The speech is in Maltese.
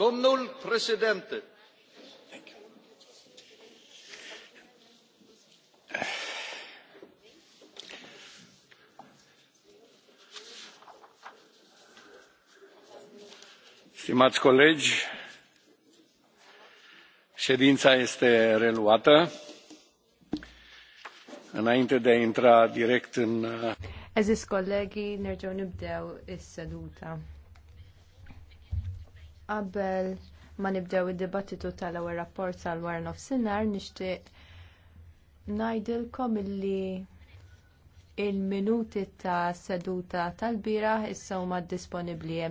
Domnul Stimați colegi, ședința este reluată. Înainte de a intra direct în... Aziz kollegi, nerġaw nibdew is-seduta. Qabel ma nibdew id-dibattitu tal-ewwel rapport tal-war nofsinhar nixtieq ngħidilkom illi il-minuti ta' seduta tal-bira issa huma disponibbli hemm